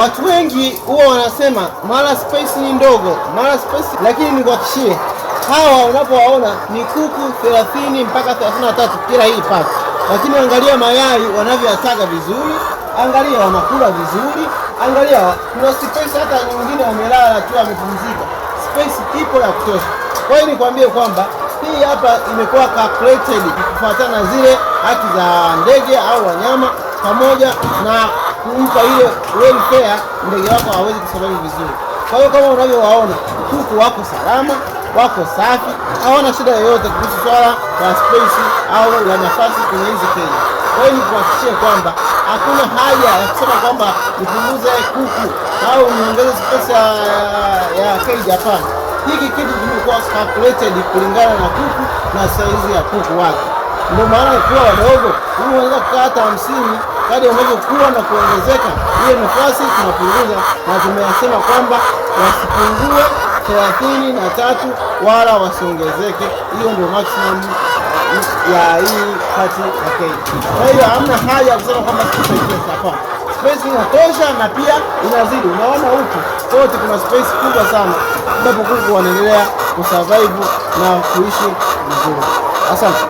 Watu wengi huwa wanasema mara space ni ndogo, mara space, lakini nikuhakishie hawa unapowaona ni kuku 30 mpaka 33 kila hii pati, lakini angalia mayai wanavyoyataga vizuri, angalia wanakula vizuri, angalia kuna space, hata nyingine wamelala tu, wamepumzika, space ipo ya kutosha. Kwa hiyo nikwambie kwamba hii hapa imekuwa calculated kufuatana na zile haki za ndege au wanyama pamoja na kumpa ile welfare ndege wako hawezi kusurvive vizuri. Kwa hiyo kama unavyowaona kuku wako salama, wako safi, hawana shida yoyote kuhusu swala la space au la nafasi kwenye hizi keji. Kwa hiyo nikuhakikishie kwamba hakuna haja ya kusema kwamba nipunguze kuku au niongeze space ya keji. Hapana, hiki kitu kimekuwa calculated kulingana na kuku na saizi ya kuku wake, ndio maana ikiwa wadogo hiyo hii unaweza kukaa hata hamsini kadi unavyokuwa na kuongezeka hiyo nafasi tunapunguza, na tumeyasema kwamba wasipungue thelathini na tatu wala wasiongezeke. Hiyo ndio maximum ya hii kati ya Kenya. Kwa hiyo hamna haja ya kusema kwamba hapa space inatosha na pia inazidi. Unaona huku kote kuna space kubwa sana, ambapo kuku wanaendelea kusurvive na kuishi vizuri. Asante.